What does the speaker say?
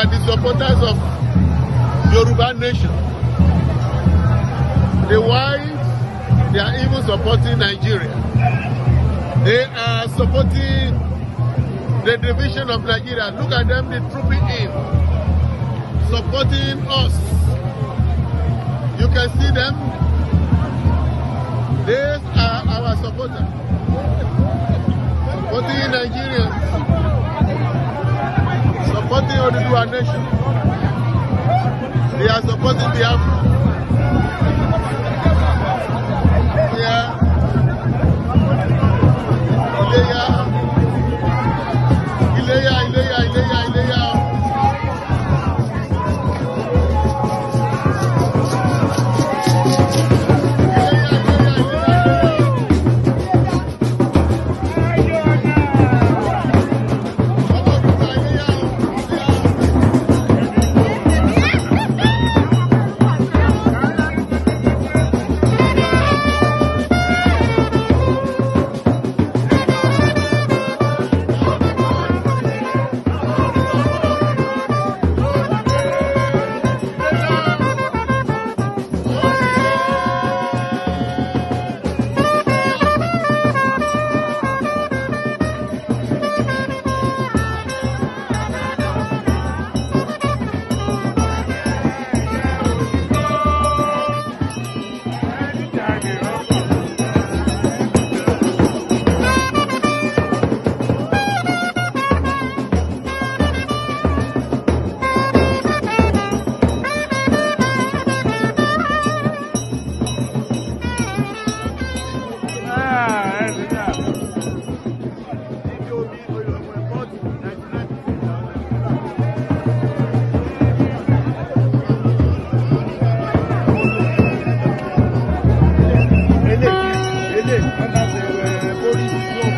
are the supporters of Yoruba nation. The whites, they are even supporting Nigeria. They are supporting the division of Nigeria. Look at them, they trooping in, supporting us. You can see them. They are our supporters. Supporting Nigerians supporting Oduduwa nation. They are supporting Biafra. para de the